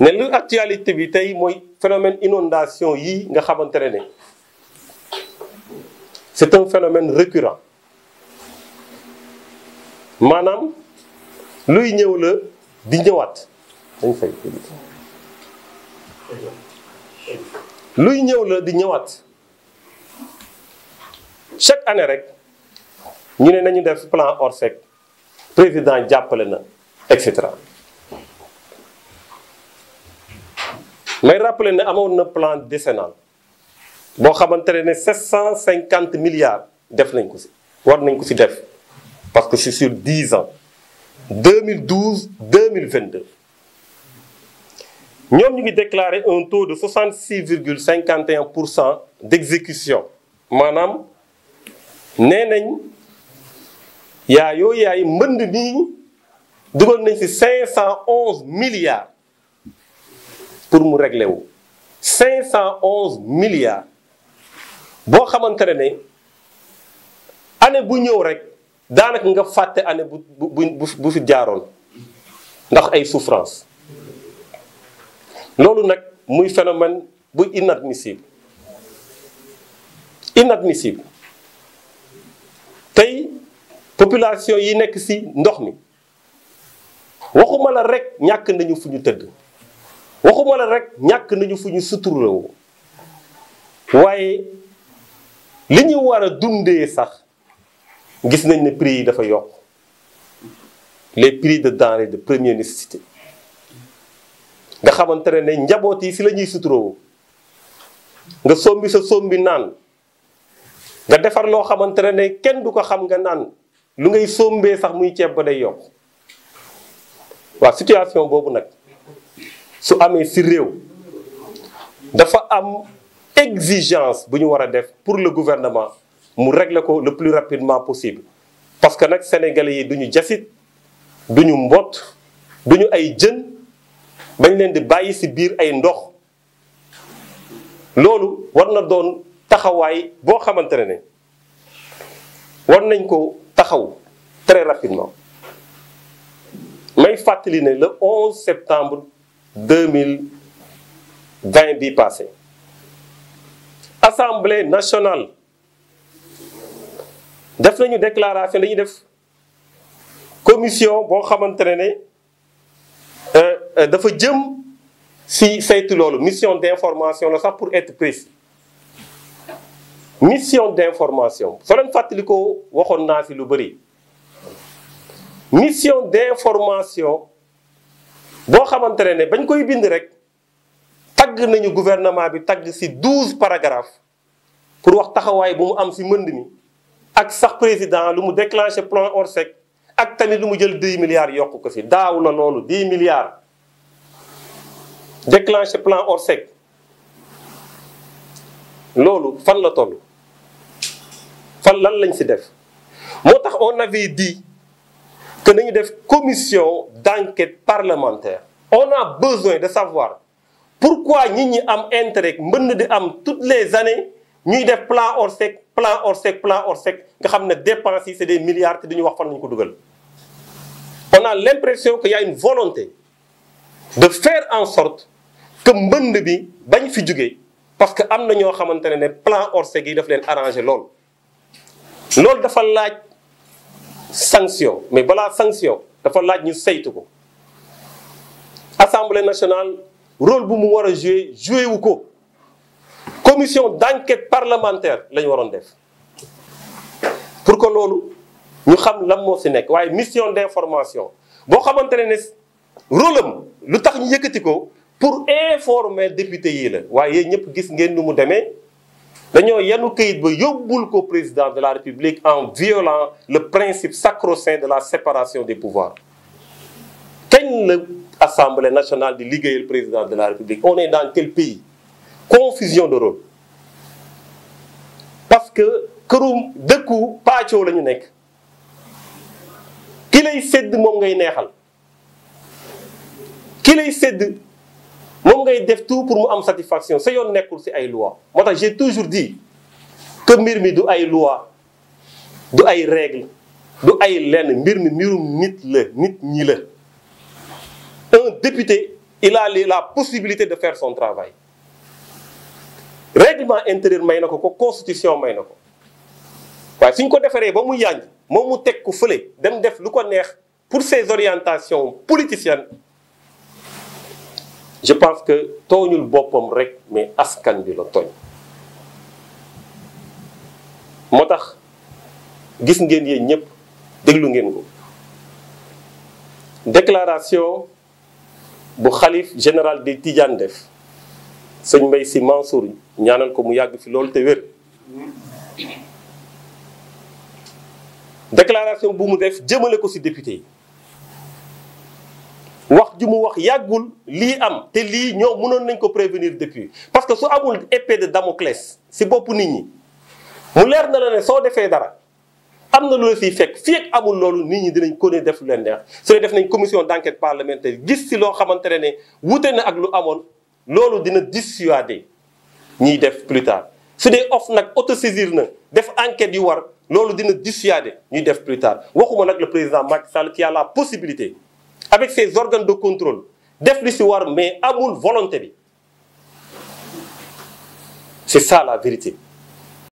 ne c'est actualité bi tay qui phénomène inondation yi nga xamantene ne c'est un phénomène récurrent Manam, luy ñëw le di ñëwaat dañ fay luy ñëw le di chaque année rek ñu ne nañu def plan Orsec président jàppale na Mais rappelez-vous, nous avons un plan décennal Nous avons 750 milliards de nañ parce que c'est sur 10 ans 2012 2022 Nous avons déclaré un taux de 66,51% d'exécution Madame, nous avons yo yaay 511 milliards pour mu régler wu. 511 milliards boo xamante ne ne année bu ñëw rek daanaka nga fàtte année bu bu bu fi jaaroon ndax ay souffrance loolu nag muy phénomène bu inadmissible inadmissible tey population yi nekk ci ndox mi waxuma la rek ñàkk nañu fu ñu tëdd. walla la rek ñàkk nañu fu ñu suturloo waaye li ñu war a dundee sax gis nañ ne prix yi dafa yokk les prix de denrées de première nécessité nga xamante ne njaboot yi si la ñuy suturoo nga sombi sa sombi naan nga defar loo xamante ne kenn du ko xam nga naan lu ngay sombee sax muy ceeb ba day yokk waaw situation boobu nag su amé ci réew dafa am exigence buñu wara def pour le gouvernement mu régler ko le plus rapidement possible parce que nak sénégalais yi duñu jassit duñu mbott duñu ay jeun bañ leen di bayyi ci biir ay ndox lolu war na doon taxaway bo xamante ne war nañ ko taxaw très rapidement may fàttali ne le 11 septembre 2020 passé assemblée nationale def une déclaration dañuy def commission bo xamantene né euh, euh dafa jëm si saytu lolu mission d'information la sax pour être précis mission d'information so leen a waxon na fi lu mission d'information boo xamante ne bañ koy bind rek tagg nañu gouvernement bi tagg ci douze paragraphes pour wax taxawaay bu mu am ci mbënd mi ak sax président lu mu déclenché plan Orsec ak tamit lu mu jël 10 milliards yokk ko ci daaw na loolu 10 milliards déclenché plan Orsec loolu fan la toll fan lan lañ ci def moo tax on avait di que nañu une commission d'enquête parlementaire on a besoin de savoir pourquoi nous avons am intérêt nous avons toutes les années ñuy def plan plans plan sec plan sec, nga hors-sec, dépenses c'est des milliards te nous wax ko on a l'impression qu'il y a une volonté de faire en sorte que avons bi bañ fi sec, parce que nous avons des plans hors-sec qui nous yi daf leen arrangé lool loolu dafa sanction mais voilà sanction dafa laaj ñu saytu ko assemblée nationale rôle bu mu war jouer joué joué wu ko commission d'enquête parlementaire lañ ñu waroon def pour que loolu ñu xam lan moo si nekk mission d'information boo xamantene ne ne rôle am lu tax ñu ko pour informer député yi la waaye yéen ñëpp gis ngeen nu mu nous yanu kayit ba ko président de la république en violant le principe sacro-saint de la séparation des pouvoirs Quelle assemblée nationale et le président de la république on est dans quel pays confusion de rôle parce que kërum de ce la ñu nekk ki lay ce moom ngay neexal ki lay de moom ngay def tout pour mu am satisfaction sa yoon nekkul ci ay loi Moi j'ai toujours dit que mbir mi du ay loi du ay règle du ay lenn mbir mi mbirum nit la nit ñi la un député il a la possibilité de faire son travail règlement intérieur may na ko ko constitution may na ko waaye suñ ko defaree ba mu yànj moom mu teg ko fële dem def lu ko neex pour ses orientations politiciennes je pense que tooñul boppam rek mais askan bi la tooñ moo gis ngeen yéen ñep deglu ngeen ko déclaration bu xalif général des Tidiane def seigne Mbaye si Mansour ñaanal ko mu yàgg fi lol te wér déclaration bu mu def jëmele ko ci député yi wax ju mu wax yàggul lii am te lii ñoo mënoon nañ ko prévenir depuis parce que su amul épée de Damoclès si bopp nit ñi mu leer na la ne soo defee dara am na lu la siy fekk fii ak amul loolu nit ñi dinañ ko ne def leen neex su def nañ commission d'enquête parlementaire gis si loo xamante ne wute na ak lu amoon loolu dina dissuader ñiy def plus tard su dee of nag autosaisir na def enquête yu war loolu dina dissuader ñuy def plus tard waxuma nag le président Macky Sall qui a la possibilité avec ses organes de contrôle def mais amul volonté c'est ça la vérité